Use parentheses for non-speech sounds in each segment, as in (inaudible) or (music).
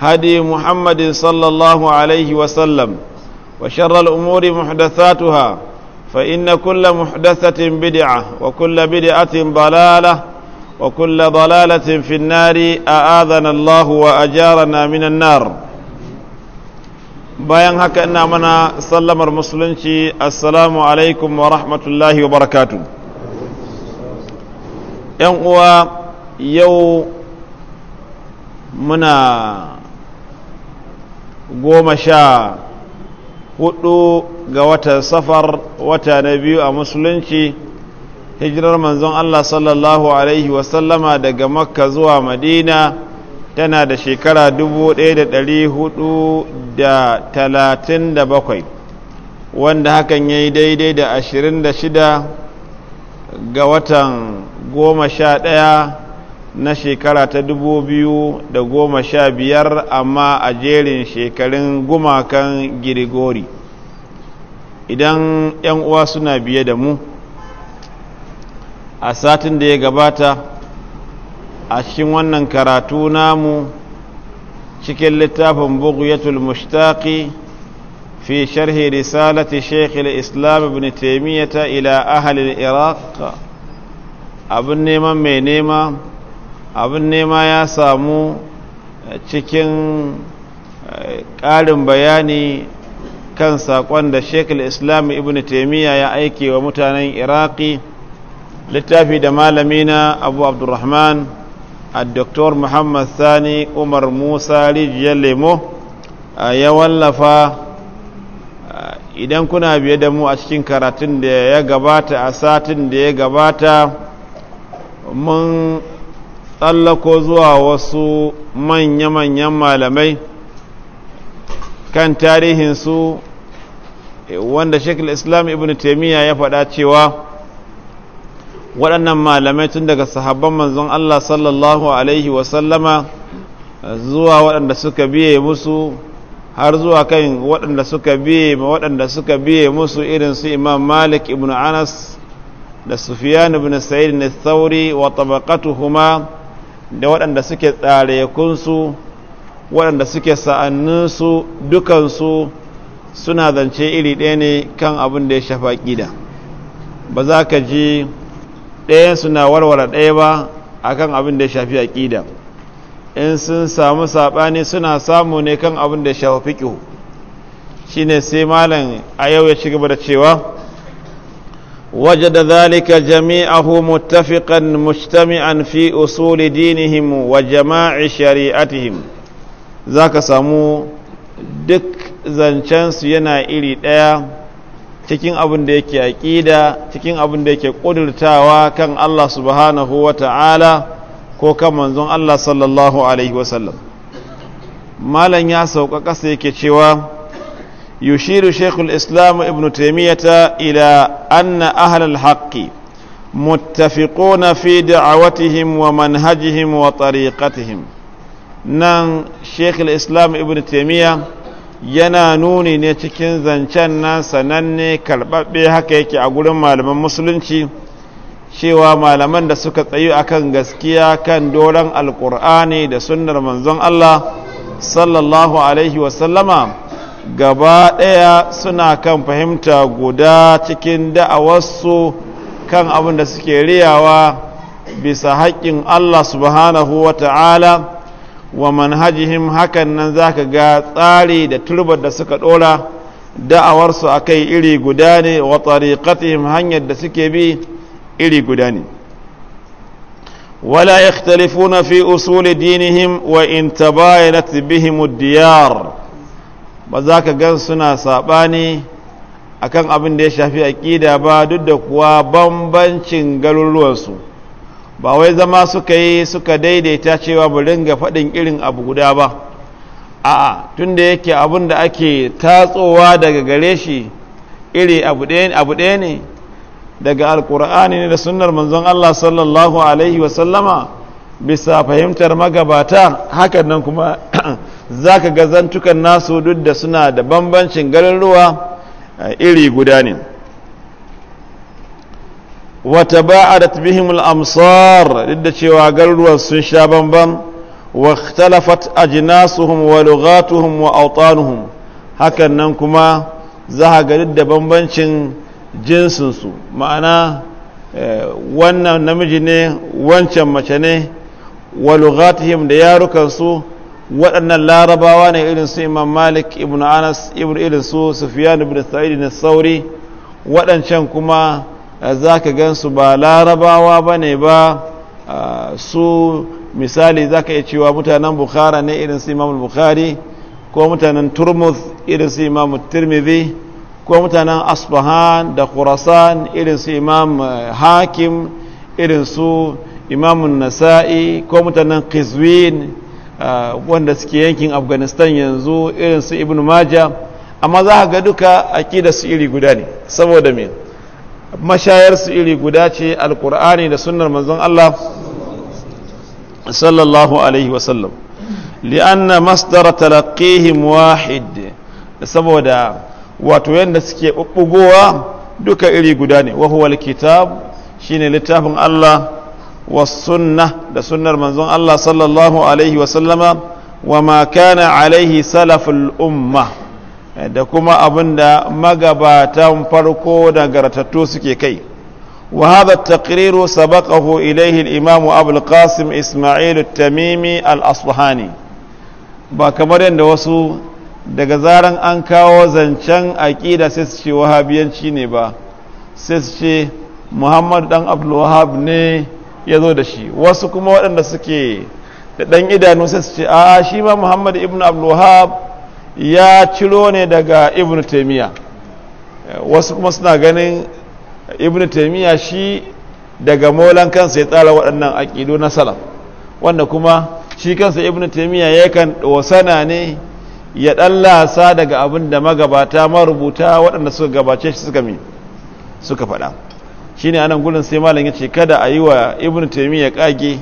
هدي محمد صلى الله عليه وسلم وشر الأمور محدثاتها فإن كل محدثة بدعة وكل بدعة ضلالة وكل ضلالة في النار أآذنا الله وأجارنا من النار bayan haka ina mana sallamar musulunci assalamu alaikum wa rahmatullahi wa barakatu yan uwa yau muna goma sha hudu ga watan safar wata na biyu a musulunci hijirar manzon Allah sallallahu Alaihi wasallama daga makka zuwa madina tana da shekara 1437 wanda hakan ya yi daidai da 26 ga watan goma sha daya. na shekara ta dubu biyu da goma sha biyar amma a jerin shekarun gumakan girigori idan 'yan uwa suna biye da mu a satin da ya gabata a cikin wannan karatu namu cikin littafin buguyatul mushtaki fi sharhi risalati sheikh islam ibn taimiyata ila ahalin iraq abin neman mai nema abin nema ya samu eh, cikin eh, ƙarin bayani kan saƙon da shekul islam ibn taimiyya ya aike wa mutanen iraki littafi da malamina abu abdurrahman a doktor muhammad sani umar musa rijiyar lemo eh, ya wallafa idan kuna biye da mu a cikin karatun da ya gabata a satin da ya gabata mun tsallako zuwa wasu manya-manyan malamai kan tarihinsu e, wanda shekul islam ibn taimiyya ya faɗa cewa waɗannan malamai tun daga sahabban manzon Allah sallallahu alaihi wasallama e, zuwa waɗanda suka biye musu har zuwa kan waɗanda suka biye ma waɗanda suka biye musu irin su imam malik ibn anas da sufiyan ibn sa'id na sauri wa huma. da waɗanda suke tsarekunsu waɗanda suke sa'anninsu dukansu suna zance iri ɗaya ne kan abin da ya shafa ƙida ba za ka ji ɗayansu suna warware ɗaya ba a kan abin da ya shafi aƙida in sun samu saɓani suna samu ne kan abin da ya shafa fiƙihu shi ne sai malam a yau ya ci gaba da cewa Waje وجد ذلك جميعه متفقا مجتمعا في أصول دينهم وجماع شريعتهم ذاك samu duk zancensu yana iri ɗaya cikin abin da yake aƙida cikin abin ƙudurtawa kan Allah subhanahu wa ta'ala ko kan manzon Allah sallallahu Alaihi wasallam malam ya sauƙaƙa sai yake cewa Yushiru يشير شيخ الإسلام ابن تيمية إلى أن أهل الحق متفقون في دعوتهم wa وطريقتهم Nan شيخ الإسلام ابن تيمية yana nuni ne cikin zancen nan sananne karɓaɓɓe haka yake a gurin malaman musulunci cewa malaman da suka tsayu akan gaskiya kan doron alƙur'ani da sunnar manzon Allah sallallahu alaihi wasallama gaba ɗaya suna kan fahimta guda cikin da'awarsu kan abin da suke riyawa bisa haƙƙin Allah subhanahu wa ta'ala wa manhajihim hakan nan za ka ga tsari da turbar da suka ɗora da'awarsu a kai iri guda ne wa tsariƙatihim hanyar da suke bi iri guda ne wala يختلفون fi usuli دينهم wa in بهم الديار ba za ka gan suna saɓani kan abin da ya shafi aƙida ba duk da kuwa bambancin garuruwansu ba wai zama suka yi suka daidaita cewa mu ringa faɗin irin abu guda ba a'a tun da yake abin da ake tatsowa daga gare shi iri abu ɗaya ne daga alkur'ani ne da sunnar manzon Allah sallallahu alaihi wasallama bisa fahimtar magabata hakan nan kuma za ka ga zantukan nasu duk da suna da bambancin garuruwa eh, iri guda ne wata ba'adat da tabihimul amsar duk da cewa garuruwan sun sha bambam wa ikhtalafat ajnasuhum wa lugatuhun wa autanuhun hakan nan kuma za ga duk da bambancin jinsinsu ma'ana eh, wannan namiji ne wancan mace ne wa lugatuhun da yarukansu waɗannan larabawa ne irin su imam malik ibn anas ibn irin su sufiyan ibn sa'id na sauri waɗancan kuma eh, za ka gan su ba larabawa ba ne ba eh, su misali za ka iya cewa mutanen bukhara ne irin su imam bukhari ko mutanen Turmuz irin su imam Turmizi, ko mutanen asfahan da khurasan irin su imam eh, hakim irin su imam nasa'i ko mutanen qizwin Ah, wanda suke yankin afghanistan yanzu irin su ibn maja amma za ga duka aƙida su iri guda ne saboda me mashayar su iri guda ce alkur'ani da sunnar manzon allah sallallahu alaihi wasallam li'anna masdara talaqihim wahid saboda wato yadda suke bubbugowa duka iri guda ne wa huwa alkitab shine littafin allah والسنة ده سنة المنزون الله صلى الله عليه وسلم وما كان عليه سلف da kuma abin da magabatan farko nagartattu suke kai wa hadha taqriru sabaqahu ilayhi al-imam Abu al Isma'il tamimi al-Asfahani ba kamar yadda wasu daga zaran an kawo zancen aqida sai su ce wahabiyanci ne ba sai su ce Muhammad dan Abdul Wahhab ne ya zo da shi wasu kuma waɗanda suke da ɗan idanu sai su ce a shi ma muhammad ibn abdulwahab ya ciro ne daga ibn taimiyya wasu kuma suna ganin ibn taimiyya shi daga molan kansa ya tsara waɗannan aƙidu na salam wanda kuma shi kansa ibn taimiyya yakan wasana ne ya ɗan lasa daga abin da magabata marubuta waɗanda suka gabace shi suka mi suka faɗa shine anan gurin sai malam ya ce kada a yi wa ibn taimiyya kage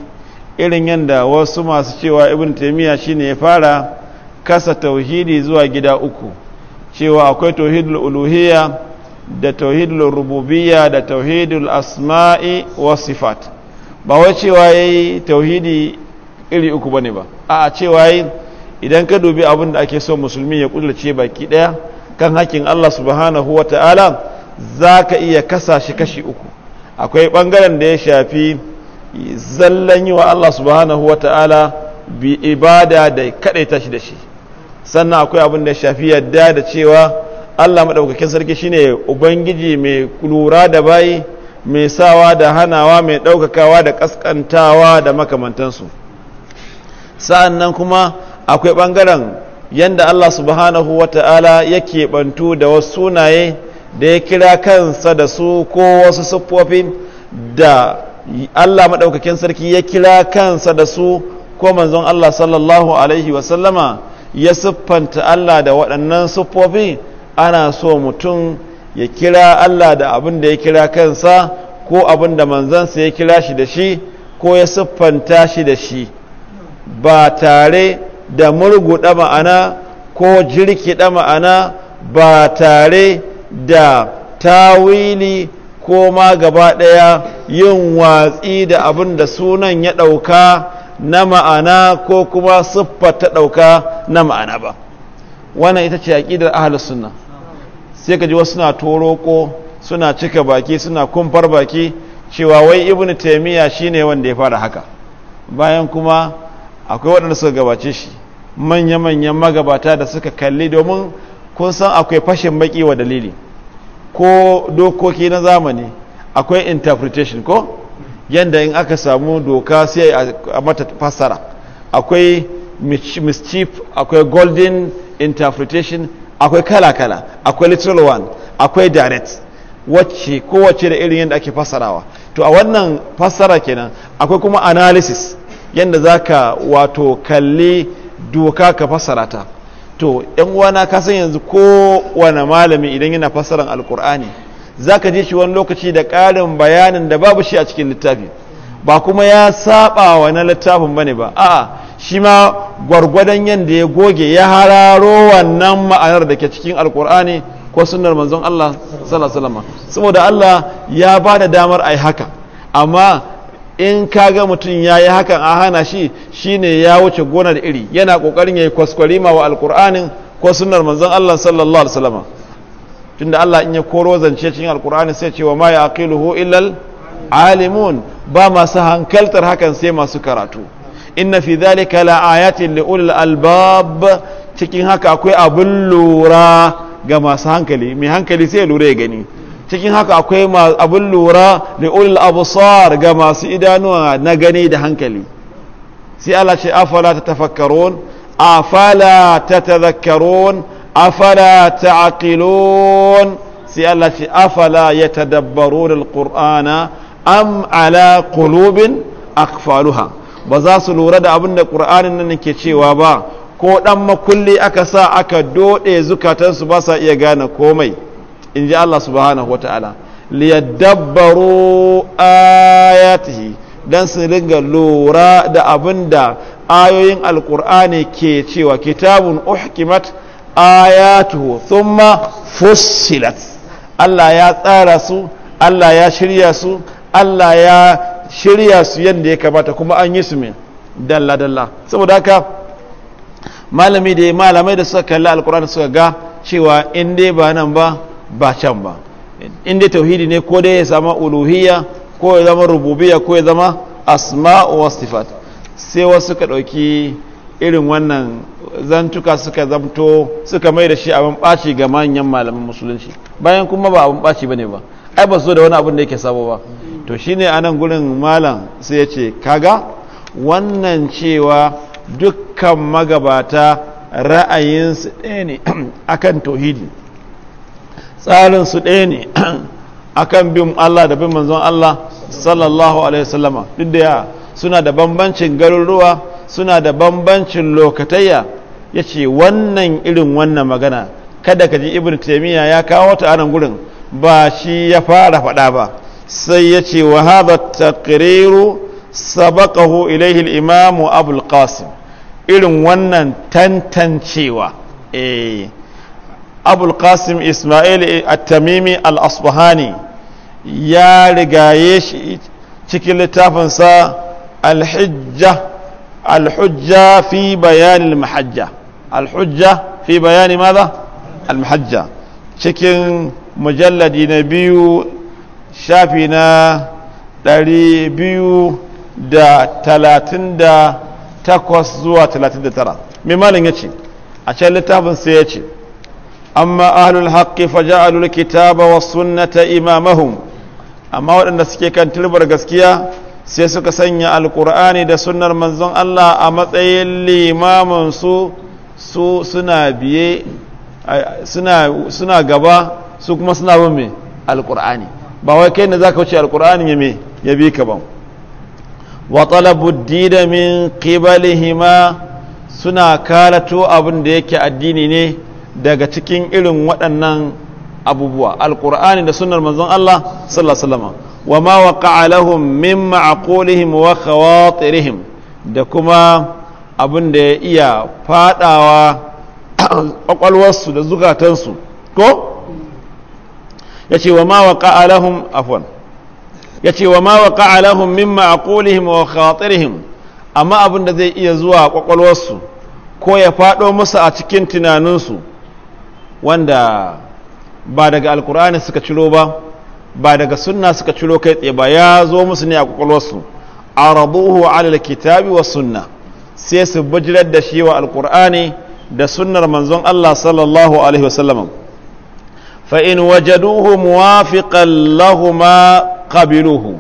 irin yadda wasu masu cewa ibn taimiyya shine ya fara kasa tauhidi zuwa gida uku cewa akwai tauhidul uluhiyya da tauhidul rububiyya da tauhidul asma'i wa sifat ba wai cewa yayi tauhidi iri uku bane ba a cewa yayi idan ka dubi abin da ake so musulmi ya kudurce baki daya kan hakkin Allah subhanahu wa ta'ala za ka iya kasa shi kashi uku akwai ɓangaren da ya shafi zallan yi wa Allah subhanahu wa ta'ala bi ibada da kaɗaita shi da shi sannan akwai abin da ya shafi yadda da cewa Allah maɗaukakin sarki shine ubangiji mai lura da bayi mai sawa da hanawa mai ɗaukakawa da ƙasƙantawa da makamantansu sa'annan kuma akwai ɓangaren yadda Allah subhanahu wa ta'ala yake ɓantu da wasu sunaye da ya kira kansa da su ko wasu siffofin da Allah maɗaukakin sarki ya kira kansa da su ko manzon Allah sallallahu alaihi wasallama ya siffanta Allah da waɗannan siffofi ana so mutum ya kira Allah da abin da ya kira kansa ko abin da manzansa ya kira shi da shi ko ya siffanta shi da shi ba tare da murguɗa ma'ana ko jirkiɗa ma'ana ba tare da tawili ko ma gaba ɗaya yin watsi da abin da sunan ya ɗauka na ma'ana ko kuma siffar ta ɗauka na ma'ana ba wannan ita ce aƙidar ahalus suna sai ka ji wasu na toro ko suna cika baki suna kumfar baki cewa wai ibn taimiyya shine wanda ya fara haka bayan kuma akwai waɗanda suka gabace shi manya-manyan magabata da suka kalli domin kun san akwai fashin baki wa dalili ko dokoki na zamani akwai interpretation ko yadda in aka samu doka sai a mata fassara akwai mischief akwai golden interpretation akwai kala-kala akwai literal one akwai direct wacce kowace da irin yadda ake fassarawa to a wannan fassara kenan akwai kuma analysis yadda za ka wato kalli doka ka fassara ta to yan uwana ka san yanzu ko wani malami idan yana fassarar alkur'ani ka je shi wani lokaci da ƙarin bayanin da babu shi a cikin littafi ba kuma ya saba wa na littafin ba ne ba a'a shi ma gwargwadon yadda ya goge ya hararo wannan ma'anar da ke cikin alkur'ani ko sunnar manzon Allah sallallahu alaihi saboda Allah ya ba da damar a yi haka amma in ka ga mutum ya yi hakan a hana shi shine ya wuce gonar iri yana kokarin yayi kwaskwarima wa alƙur'anin ko sunar manzon Allah sallallahu alaihi wasallam tunda Allah in ya koro zance cikin alkur'ani sai ce wa ma yaqiluhu illal alimun ba masu hankaltar hakan sai masu karatu inna fi dhalika la ayatin li ulil albab cikin haka akwai abin lura ga masu hankali mai hankali sai ya lura ya gani cikin haka akwai abin lura da ulil abusar ga masu idanuwa na gani da hankali sai Allah ce afala ta tafakkaron afala ta tazakkaron afala ta aqilun sai Allah ce afala ya tadabbaru da alƙur'ana am ala kulubin akfaluha ba za su lura da abin da ƙur'anin nan ke cewa ba ko ɗan makulli aka sa aka doɗe zukatansu ba sa iya gane komai in ji Allah subhanahu wa ta'ala liyadabbaru ayatihi dan su ringa lura da abin da ayoyin alkur'ani ke cewa kitabun uhkimat ayatuhu thumma fussilat Allah ya tsara su Allah ya shirya su Allah ya shirya su yadda ya kamata kuma an yi su min dalla-dalla saboda haka malami da malamai da suka kalli alkur'ani suka ga cewa in dai ba nan ba ba can ba in tauhidi ne ko dai ya zama uluhiyya ko ya zama rububiyya ko ya zama asma'u wa sai wasu ka ɗauki irin wannan zantuka suka zamto suka mai da shi abin ɓaci ga manyan malaman musulunci bayan kuma ba abin ɓaci ba ne ba ai ba su da wani abin da yake sabo ba to shine anan gurin malam sai ya ce kaga wannan cewa dukkan magabata ra'ayinsu ɗaya ne akan (clears throat) tauhidi tsarin su ɗaya ne (clears throat) akan bin Allah da bin manzon Allah sallallahu alaihi wasallama duk da ya suna da bambancin garuruwa suna da bambancin lokatayya yace wannan irin wannan magana kada ka ji ibnu taymiya ya kawo ta anan gurin ba shi ya fara faɗa ba sai yace wa hadha taqriru sabaqahu ilayhi al-imam abul qasim irin wannan tantancewa eh abul qasim ismail at-tamimi al-asbahani ya rigaye shi cikin littafinsa al-hujja al-hujja fi bayan al muhajja al-hujja fi bayan madha al muhajja cikin mujalladi na biyu shafi na ɗari biyu da talatin da takwas zuwa talatin da tara mai malin ya ce a can littafinsa ya ce أما أهل الحق فجعلوا الكتاب والسنة إمامهم أما أهل waɗanda suke الكتاب والسنة إمامهم Sai suka sanya al da sunnar manzon Allah a matsayin limamun su su suna biye suna gaba kuma suna bin me ba wai kai ne zaka wuce al ya bi ka ba wa talabu dida min qibalihima suna kalato abin da yake addini ne daga cikin irin waɗannan abubuwa alkur'ani da sunar manzon Allah sallallahu wa ma waqa'a lahum min ma'qulihim wa khawatirihim da kuma abin da ya iya fadawa kwakwalwarsu (coughs) da zukatansu ko ce wa ma waqa'a lahum afwan ce wa ma waqa'a lahum min ma'qulihim wa khawatirihim amma abin da zai iya zuwa kwakwalwarsu ko ya fado musu a cikin tunaninsu wanda ba daga alkur'ani suka cilo ba ba daga sunna suka cilo kai tsaye ba ya zo musu ne a kwakwalwarsu a rabuhu alal kitabi wa sunna sai su bijirar da shi wa alkur'ani da sunnar manzon Allah sallallahu alaihi wasallam fa in wajaduhu muwafiqan lahuma qabiluhu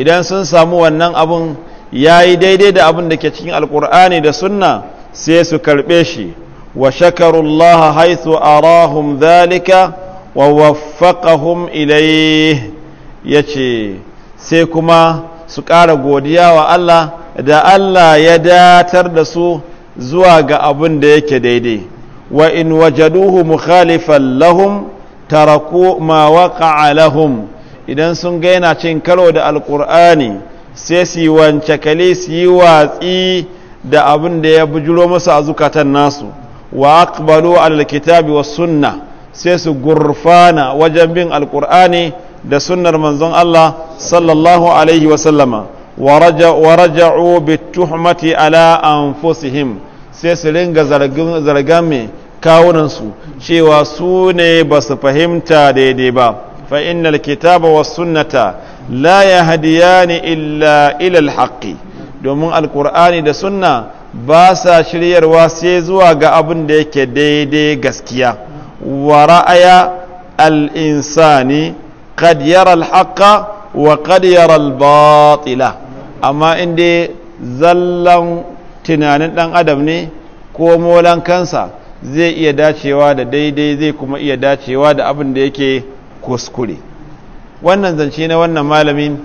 idan sun samu wannan abun yayi daidai da abun da ke cikin alkur'ani da sunna sai su karbe shi وشكروا الله حيث أراهم ذلك ووفقهم إليه يشي سيكما سكار قوديا وألا دا ألا يدا تردسو زواج أبن ديك ديدي وإن وجدوه مخالفا لهم تركوا ما وقع لهم إذا سنجينا تنكروا دا القرآن سيسي وانشكالي سيواتي da abin da ya bujuro masa a zukatan nasu wa aqbalu alal kitabi sai su gurfana wajen bin Alƙur'ani da sunar manzon Allah sallallahu alaihi wa sallama wa raja'u bituhmati ala anfusihim sai su ringa zargan mai kawunansu cewa su ne ba su fahimta daidai ba fa innal kitaba was sunnata la yahdiyani illa domin Alƙur'ani da sunna ba sa shiryarwa sai zuwa ga abin da yake daidai gaskiya wa ra'aya al'insani qad yara al wa kad yara albatila amma inda zallan tunanin ɗan adam ne ko molan kansa zai iya dacewa da daidai zai kuma iya dacewa da abin da yake kuskure wannan zance na wannan malamin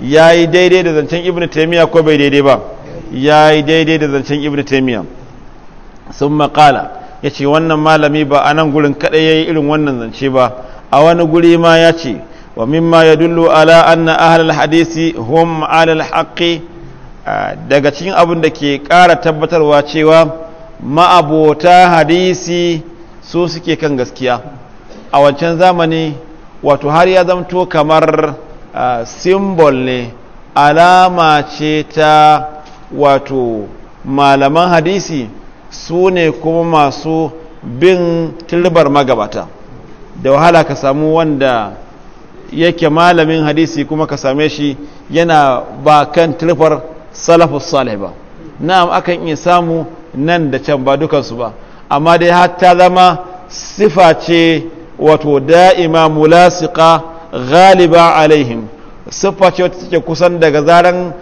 ya yi daidai da zancen ibn taimiyya ko bai daidai ba ya yi daidai da zancen ibn taimiyya sun makala ya ce wannan malami ba a nan gurin kaɗai ya yi irin wannan zance ba a wani guri ma ya ce wa mimma ya dullo ala anna ahalar hadisi hum alal haƙi. daga cikin abin da ke ƙara tabbatarwa cewa ma'abota hadisi su suke kan gaskiya a wancan zamani wato har ya zamto kamar simbol ne alama ce ta wato malaman hadisi su ne kuma masu bin tilbar magabata da wahala ka samu wanda yake malamin hadisi kuma ka same shi yana ba kan tilbar salafus salih ba na'am akan iya samu nan da can ba dukansu ba amma dai hatta zama sifa ce wato da'ima mulasiqa ghaliba alaihim sifa ce wata take kusan daga zaran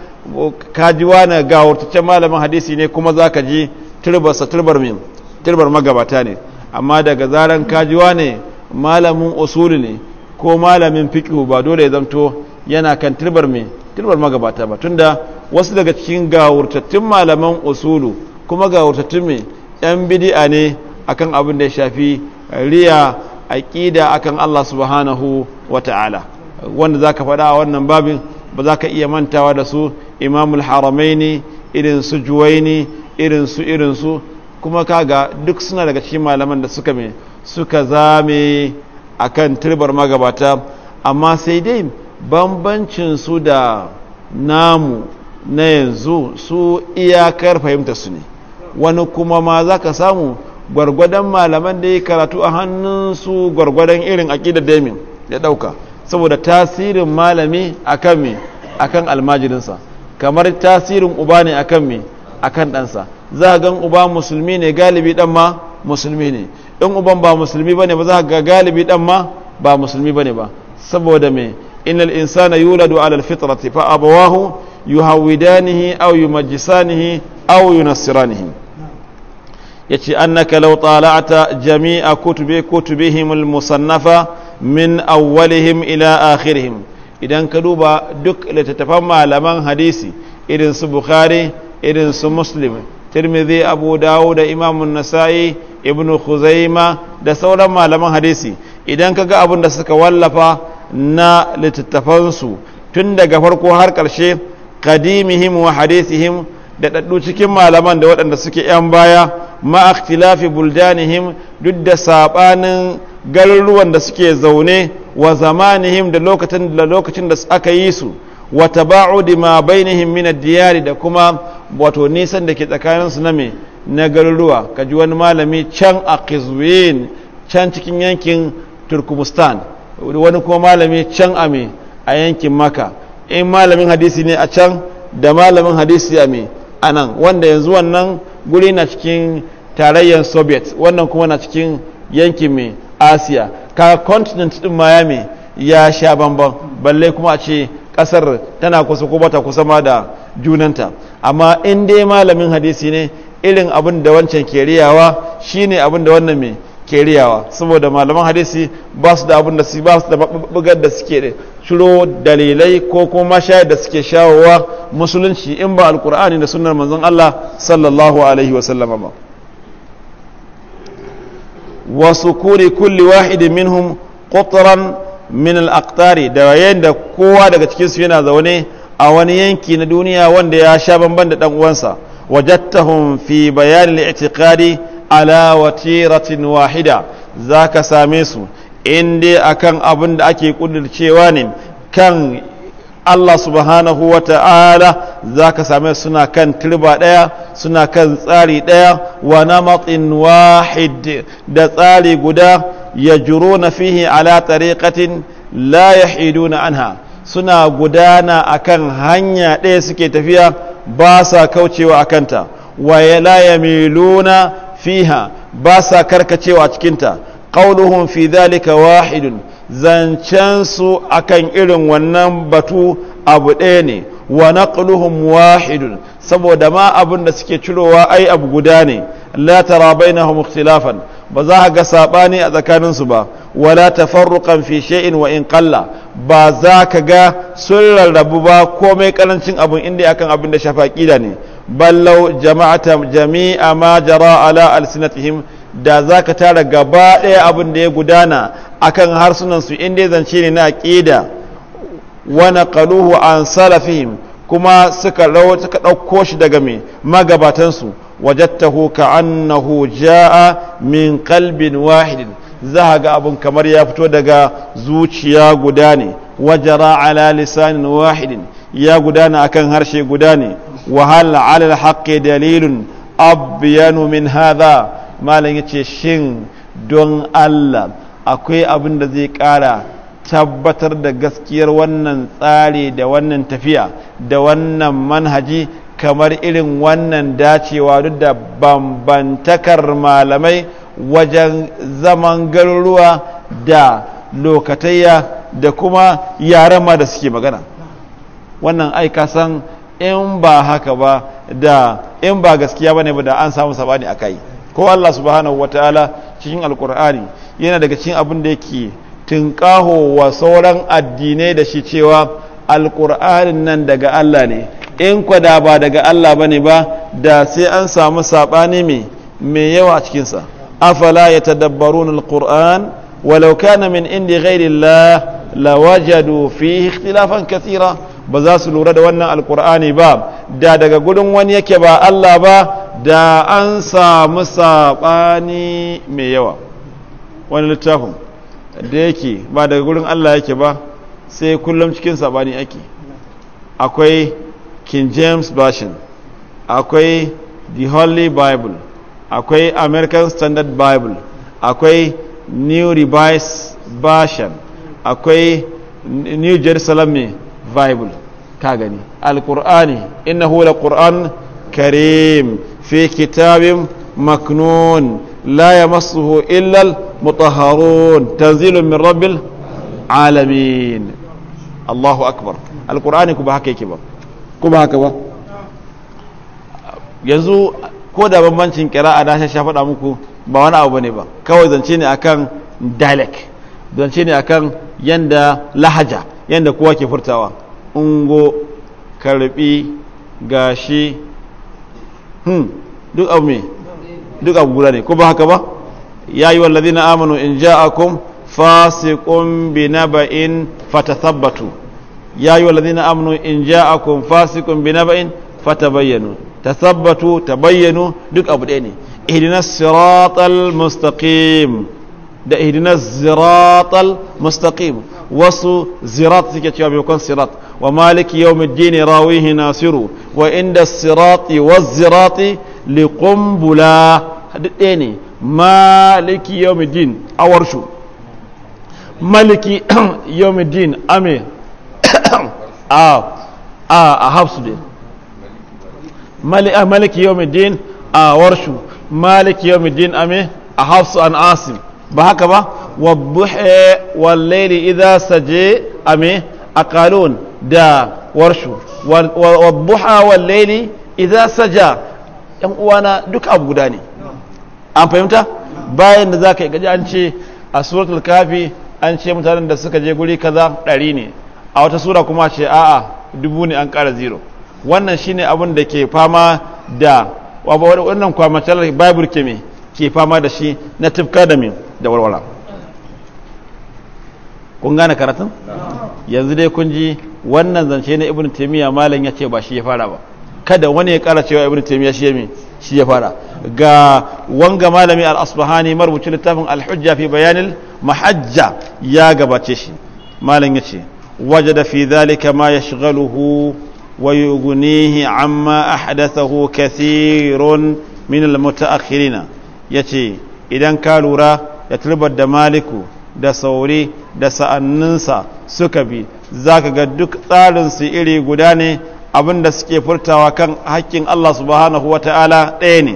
kajiwa ji wani malamin hadisi ne kuma za ka ji turbar magabata ne amma daga zaren kajiwa ne malamin usuli ne ko malamin fiqhu ba dole ya zamto yana kan turbar mai turbar magabata ba tunda wasu daga cikin gawurtattun malaman usulu kuma gawurtattun mai yan bidi'a ne akan abin da ya shafi riya aƙida akan Allah subhanahu wa ta'ala wanda zaka faɗa a wannan babin ba za ka iya mantawa da su imamul haramaini irin su juwaini irin su irin kuma kaga duk suna daga cikin malaman da suka me suka zame akan turbar magabata amma sai dai bambancin su da namu na yanzu su iyakar fahimta su ne wani kuma ma za ka samu gwargwadon malaman da ya karatu a hannunsu gwargwadon irin aƙidar da ya ɗauka saboda tasirin malami akan me almajirinsa kamar tasirin uba ne akan me akan ɗansa za a gan uba musulmi ne galibi ɗan ma musulmi ne in uban ba musulmi bane ba za a ga galibi ɗan ma ba musulmi bane ba saboda me inal insana yuladu ala alfitrati fa abawahu yuhawidanihi aw yumajjisanihi aw yunassiranihi yace annaka law tala'ta jami'a kutubi kutubihim almusannafa min awwalihim ila akhirihim idan ka duba duk littattafan malaman hadisi irin su bukhari irin su muslim tirmidhi abu dawo da imamun nasa'i ibnu khuzaima da sauran malaman hadisi idan ka ga abin da suka wallafa na littattafansu tun daga farko har ƙarshe qadimihim wa hadisihim da daddu cikin malaman da waɗanda suke yan baya ma'aktilafi buldanihim duk da saɓanin. garuruwan da suke zaune wa zamanihim da lokacin da lokacin da aka yi su wa taba'udi ma bainihim min ad-diyari da kuma wato nisan da ke tsakanin su na me na garuruwa kaji wani malami can a Qizwin can cikin yankin Turkmenistan wani kuma malami can a me a yankin Makka in malamin hadisi ne a can da malamin hadisi a me a wanda yanzu wannan guri na cikin tarayyar Soviet wannan kuma na cikin yankin me asiya ka continent din miami ya sha bambam balle kuma a ce kasar tana kusa ko bata kusa ma da junanta amma in dai malamin hadisi ne irin abin da wancan ke riyawa shine abin da wannan mai ke riyawa saboda malaman hadisi ba su da abin da su ba su da bugar da suke shiro dalilai ko kuma shayar da suke shawowa musulunci in ba alkur'ani da sunnar manzon Allah sallallahu alaihi wa ba وسكون كل واحد منهم قطرا من الأقطار da yayin kowa daga cikin su yana zaune a wani yanki na duniya wanda ya sha bamban da dan uwansa wajattahum fi bayan al-i'tiqadi ala watiratin wahida zaka same su in dai akan abin da ake ƙudurcewa ne kan Allah subhanahu wa ta'ala za ka same suna kan turba ɗaya suna kan tsari ɗaya wa na matsin wahid da tsari guda ya juro na fihi ala tariƙatin la ya na anha suna gudana akan hanya ɗaya suke tafiya ba sa kaucewa a kanta wa ya la ya miluna fiha ba sa karkacewa a cikinta ƙauluhun fi zalika wahidun zancensu akan irin wannan batu abu ɗaya ne wa naqluhum wahidun saboda ma abin da suke cirowa ai abu guda ne la tara bainahum ikhtilafan ba za ga sabani a tsakanin su ba wala tafarruqan fi shay'in wa in qalla ba za ka ga sun rarrabu ba komai karancin abin inda akan abin da shafa ne ballau jama'atam jami'a ma jara ala alsinatihim da za ka tara gaba ɗaya abin da ya gudana akan harsunansu inda zance ne na ƙida wani ƙaluhu an salafihim kuma suka ɗauko shi daga mai magabatansu wajattahu ka annahu ja'a min kalbin wahidin za a ga abin kamar ya fito daga zuciya guda ne wajara ala lisanin wahidin ya gudana akan harshe guda ne wahala alal haƙƙi dalilun abiyanu min hadha malam ya ce shin don allah akwai abin da zai ƙara tabbatar da gaskiyar wannan tsari da wannan tafiya da wannan manhaji kamar irin wannan dacewa duk da bambantakar malamai wajen zaman garuruwa da lokatayya da kuma yaren ma da suke magana wannan aika san in ba haka ba da in ba gaskiya ba ne ba da an samu sabani a kai ko Allah subhanahu ta'ala cikin alkur'ani yana daga cikin abin da yake tunƙaho wa sauran addinai da shi cewa alkur'anin nan daga Allah ne in kwada ba daga Allah bane ba da sai an samu saɓani mai mai yawa a cikinsa afala ya tadabbarun alkur'an walau kana min indi ghairillah lawajadu fi ikhtilafan kathira ba za su lura da wannan alkur'ani ba da daga gudun wani yake ba Allah ba da an samu saɓani mai yawa wani littafin da yake ba daga gurin Allah yake ba sai kullum cikin saɓani ake akwai king james version akwai the holy bible akwai american standard bible akwai new revised version akwai new jerusalem bible ka gani alkur'ani inna hula qur'an karim في كتاب مكنون لا يمسه إلا المطهرون تنزيل من رب العالمين الله أكبر القرآن كبه هكي كبه كبه yanzu ko da bambancin a na sha faɗa muku ba wani abu ne ba kawai zance ne akan dialect zance ne akan yanda lahaja yanda kowa ke furtawa ungo karbi gashi Hmm. duk abu me duk abu gura ne ko ba haka ba ya yi wallazi na amanu in ja'akum fasiqun bi naba'in fatathabbatu ya yi wallazi na amanu in ja'akum fasiqun bi ta fatabayyanu ta tabayyanu duk abu ɗaya ne ihdina siratal mustaqim da ihdina ziratal mustaqim wasu zirat suke cewa bai kwan sirat ومالك يوم الدين راويه ناصر وعند الصراط والزراط لقنبلا حدثني مالك يوم الدين أورشو مالك يوم الدين أمي آه آه حفص دين مالك يوم الدين أورشو مالك يوم الدين أمي حفص أن عاصم بهكذا والضحى والليل إذا سجى أمي أقالون da warshu wadduha wal laili idza saja yan uwana duk abu guda ne an fahimta bayan da zaka yi gaji an ce a suratul kafi an ce mutanen da suka je guri kaza ɗari ne a wata sura kuma ce a'a dubu ne an ƙara zero wannan shine abin da ke fama da wannan kwamatar bible ke me ke fama da shi na tufka da me da walwala kun gane karatun yanzu dai kun ji wannan zance na ibn taymiya malam ya ce ba shi ya fara ba kada wani ya kara cewa ibn taymiya shi ya shi ya fara ga wanga malami al-asbahani marubucin littafin al-hujja fi bayanil mahajja ya gabace shi malam ya ce wajada fi dhalika ma yashghaluhu wa yughnihi amma ahdathahu kathirun min al-mutaakhirina yace idan ka lura ya tilbar da maliku da sauri da sa'anninsa suka bi za ka ga duk tsarinsu iri guda ne abin da suke furtawa kan hakkin Allah subhanahu wata'ala ɗaya ne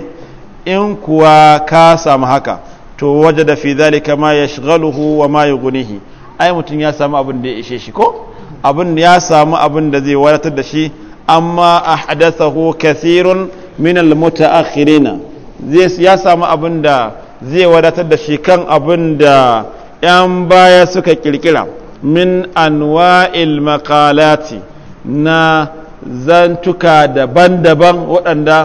in kuwa ka samu haka to waje da fi zalika ma ya shigaluhu wa ma ya gunihi ai mutum ya samu abin da ya ishe shi ko abin ya samu abin da zai wadatar da shi amma a hadathahu kathirun min al-mutaakhirina zai ya samu abin da zai wadatar da shi kan abin da 'yan baya suka kirkira min anwa'il makalati na zantuka daban-daban waɗanda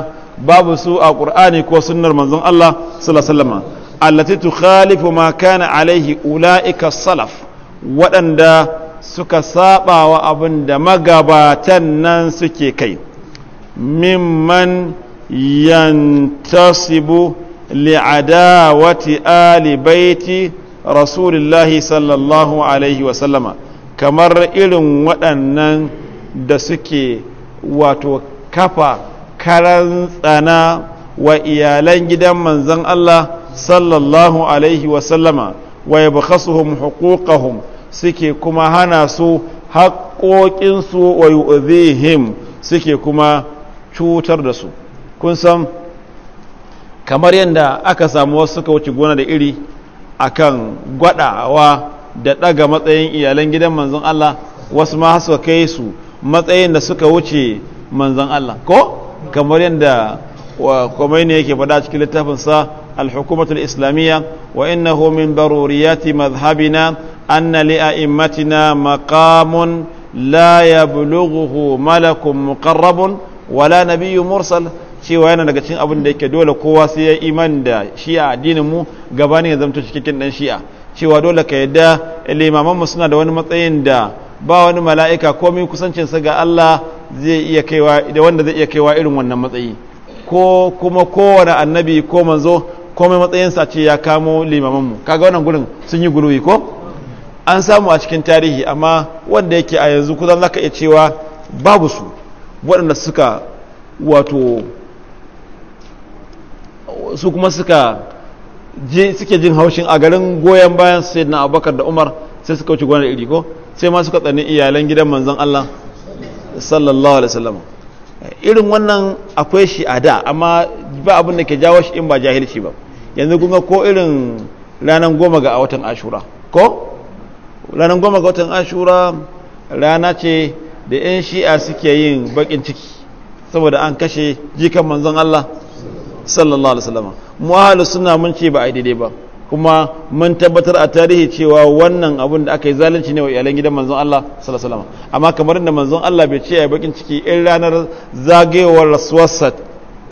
babu su a ƙur'ani ko sunnar manzon Allah sallama allati tukhalifu ma kana alaihi ula'ika salaf waɗanda suka saɓawa abin da magabatan nan suke kai mimman yantasibu li'adawati ali baiti rasulillahi sallallahu alaihi wasallama kamar irin waɗannan da suke wato kafa karan tsana wa iyalan gidan manzan Allah sallallahu alaihi wasallama wa ya bukasuhum hukukahun suke kuma hana su haƙoƙinsu wa suke kuma cutar da su kun san kamar yadda aka samu wasu suka wuce gona da iri akan gwadawa da daga matsayin iyalan gidan manzon Allah wasu ma haso kai su matsayin da suka wuce manzon Allah ko kamar yadda ne yake faɗa cikin littafin sa al-hukumatul islamiyya wa innahu min daruriyati madhhabina anna li a'immatina maqamun la yablughu malakun muqarrabun wala nabiyyun mursal cewa yana daga cikin abin da yake dole kowa sai ya iman da shi'a addinin mu gabanin ya zamto cikin dan shi'a cewa dole ka yadda limaman mu suna da wani matsayin da ba wani mala'ika ko komai kusancin sa ga Allah zai iya kaiwa da wanda zai iya kaiwa irin wannan matsayi ko kuma kowane annabi ko manzo ko mai matsayin sa ce ya kamo limaman mu kaga wannan gurin sun yi guruwi ko an samu a cikin tarihi amma wanda yake a yanzu kusan zaka iya cewa babu su waɗanda suka wato su kuma suka suke jin haushin a garin goyon bayan sai na abubakar da umar sai suka wuce gwanar iri sai ma suka tsani iyalan gidan manzan allah sallallahu alaihi wasallam irin wannan akwai shi a da amma ba abin da ke jawo shi in ba jahilci ba yanzu kuma ko irin ranar goma ga watan ashura ko ranar goma ga watan ashura rana ce da 'yan shi'a suke yin bakin ciki saboda an kashe jikan manzon allah sallallahu alaihi wasallam mu ahlus sunna mun ce ba ai daidai ba kuma mun tabbatar a tarihi cewa wannan abun da aka yi zalunci ne wa iyalan gidan manzon Allah sallallahu alaihi wasallam amma kamar inda manzon Allah bai ce ai bakin ciki in ranar zagayewar rasuwarsa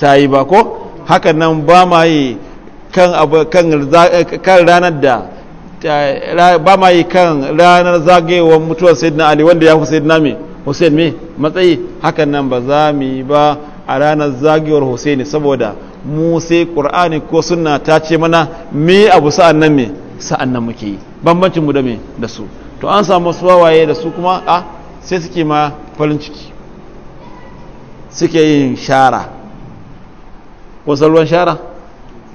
ta yi ba ko haka nan ba ma yi kan kan ranar da eh, ba ma yi kan ranar zagayewar mutuwar sayyidina ali wanda ya fi sayyidina me hussein me matsayi hakan nan ba za mu yi ba a ranar zagiyar hussaini saboda mu sai Qur'ani ko sunna ta ce mana me abu sa'an nan me sa'an nan muke yi bambancin mu da me da su to an samu su wawaye da su kuma a sai suke ma farin ciki suke yin shara wasu ruwan shara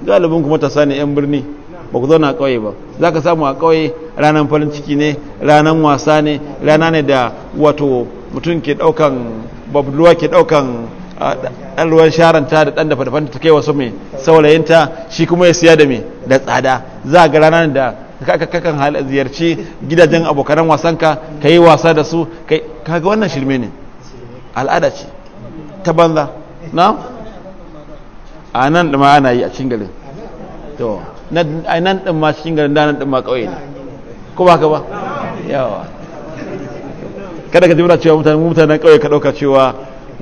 galibin kuma ta sani 'yan birni ba ku zauna a ƙauye ba za ka samu a ƙauye ranar farin ciki ne ranar wasa ne rana ne da wato mutum ke ɗaukan babluwa ke ɗaukan ɗan ruwan sharanta da ɗan dafa dafanta ta kai wasu mai saurayinta shi kuma ya siya da mai da tsada za a ga ranar da kakan ziyarci gidajen abokanan wasanka ka yi wasa da su kaga wannan shirme ne al'ada ce ta banza na a nan dama ma ana yi a cingalin to a nan a ma cingalin da nan dama ma kawai ne ko ba ka ba yawa kada ka jimra cewa mutanen kawai ka ɗauka cewa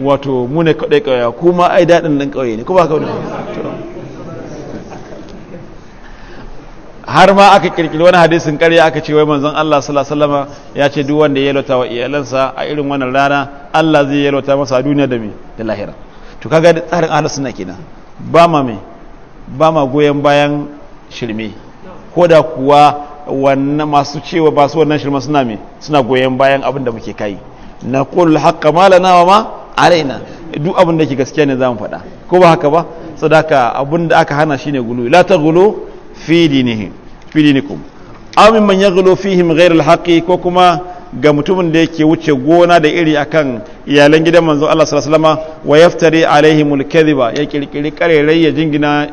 wato mu ne kaɗai ƙauya kuma ai daɗin ɗan ƙauye ne kuma kawai har ma aka kirkiri wani hadisin ƙarya aka ce wai manzon Allah sallallahu alaihi wasallam ya ce duk wanda ya lota wa iyalansa a irin wannan rana Allah zai yalota masa duniya da me da lahira to kaga tsarin ahlus sunna kenan ba ma me ba ma goyen bayan shirme ko da kuwa wannan masu cewa ba su wannan shirme suna me suna goyen bayan abin da muke kai na qul haqqa malana wa ma alaina duk abin da ke gaskiya ne za mu faɗa ko ba haka ba sadaka abin da aka hana shine gulu la gulu fi dinihi fi dinikum aw mimman yaghlu fihim ghayr alhaqi ko kuma ga mutumin da yake wuce gona da iri akan iyalan gidan manzo Allah sallallahu alaihi wasallam wa yaftari alaihim alkadhiba ya kirkiri karerai ya jingina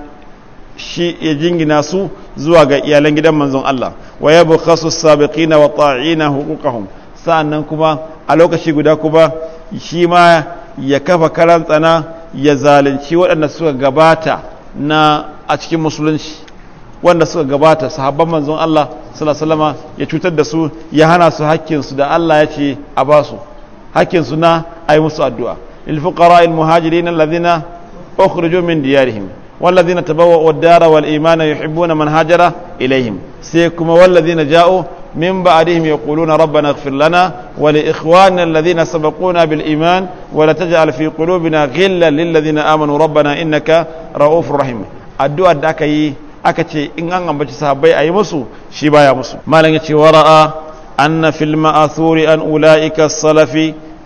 shi ya jingina su zuwa ga iyalan gidan manzon Allah wa yabkhasu as-sabiqina wa ta'ina huquqahum sa'annan kuma a lokaci guda kuma shi ma ya kafa karan tsana ya zalunci waɗanda suka gabata na a cikin musulunci wanda suka gabata sahabban manzon Allah sallallahu ya cutar da su ya hana su hakkinsu da Allah ya ce a ba su hakkinsu na ayi musu addu'a lil fuqara al muhajirin alladhina ukhrijoo min diyarihim والذين تبوأوا الدار والإيمان يحبون من Sai kuma سيكم والذين ja'o. من بعدهم يقولون ربنا اغفر لنا ولإخواننا الذين سبقونا بالإيمان ولا تجعل في قلوبنا غلا للذين آمنوا ربنا إنك رؤوف رحيم الدعاء أي أكتي إن أن أمبتي صحابي أي مسو شبايا مسو ما ورأى أن في المأثور أن أولئك السلف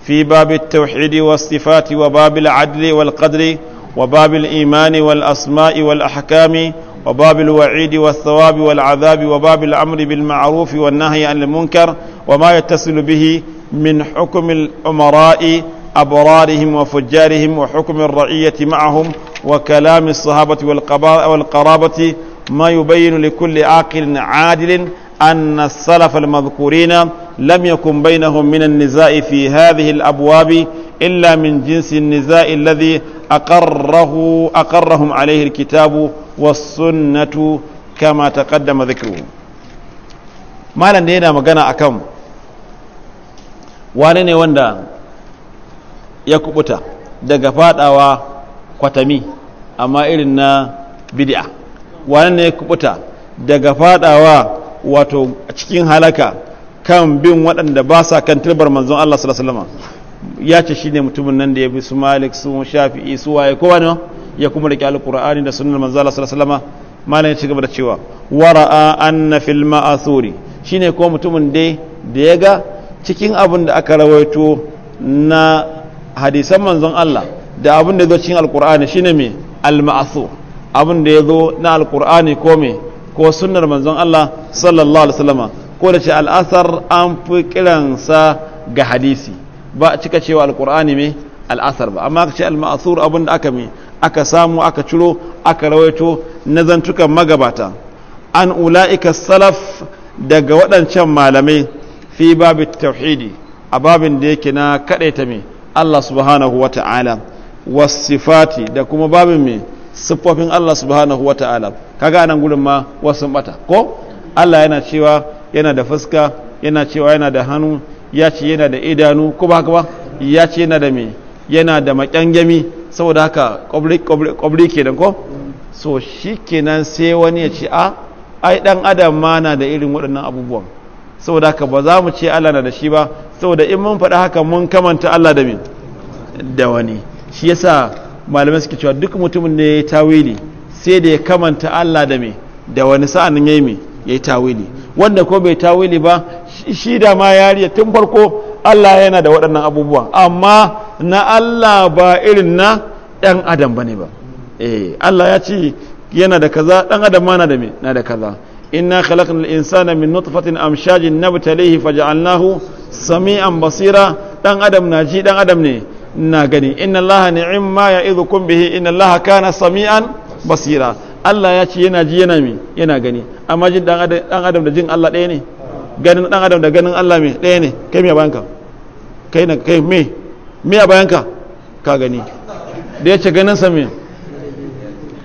في باب التوحيد والصفات وباب العدل والقدر وباب الإيمان والأسماء والأحكام وباب الوعيد والثواب والعذاب وباب الأمر بالمعروف والنهي عن المنكر وما يتصل به من حكم الأمراء أبرارهم وفجارهم وحكم الرعية معهم وكلام الصحابة والقرابة ما يبين لكل عاقل عادل أن السلف المذكورين لم يكن بينهم من النزاع في هذه الأبواب إلا من جنس النزاع الذي أقره أقرهم عليه الكتاب والسنة Malam تقدم yana magana a ينا Wani ne wanda ya يكبتا daga أو kwatami amma irin na bidi'a? Wani ne ya kubuta daga fadawa wato cikin halaka kan bin waɗanda ba sa kan turbar manzon Allah sallallahu alaihi ya ce shine mutumin nan da ya bi su Malik su Shafi'i su waye kowa ne ya kuma riƙe alƙur'ani da sunan manzo Allah sallallahu alaihi wasallam ya ci gaba da cewa wara'a anna fil ma'athuri shine ko mutumin dai da ya ga cikin abin da aka rawaito na hadisan manzon Allah da abin da ya zo cikin alƙur'ani shine me al ma'athur abin da ya zo na alƙur'ani ko me ko sunnar manzon Allah sallallahu alaihi wasallam ko da ce al'asar an fi kiransa ga hadisi ba cika cewa alƙur'ani me al'asar ba amma ka ce al-ma'asur abin da aka mi aka samu aka ciro aka rawaito na zantukan magabata an ula'ika salaf daga waɗancan malamai fi babu tauhidi a babin da yake na kaɗaita mai Allah subhanahu wa ta'ala wasifati da kuma babin mai siffofin Allah subhanahu wa ta'ala kaga anan gudun ma wasu bata ko Allah yana cewa yana da fuska yana cewa yana da hannu ya ce yana da idanu ko ba haka ba ya ce yana da mai yana da makyangami saboda haka kwabri kenan ko so shi kenan sai wani ya ce a ah, ai dan adam ma na da irin waɗannan abubuwan saboda haka ba za mu ce Allah na da shi ba saboda in mun faɗa haka mun kamanta Allah da min da wani shi yasa malamai suke cewa duk mutumin da ya yi tawili sai da ya kamanta Allah da da wani sa'anin ya yi tawili wanda ko bai tawili ba shi dama ma yariya tun farko Allah yana da waɗannan abubuwan amma na Allah ba irin na ɗan adam ba ne ba eh Allah ya ce yana da kaza ɗan adam ma na da me na da kaza inna khalaqnal insana min nutfatin amshajin nabtalihi faj'alnahu sami'an basira ɗan adam na ji ɗan adam ne na gani inna Allah ni'imma ya'idhukum bihi inna Allah kana sami'an basira Allah ya ce yana ji yana mi yana gani amma jin ɗan adam da jin Allah ɗaya ne ganin dan adam da ganin Allah me ɗaya ne kai me a bayanka kai na kai me me a bayanka ka gani da ya ce ganin sa me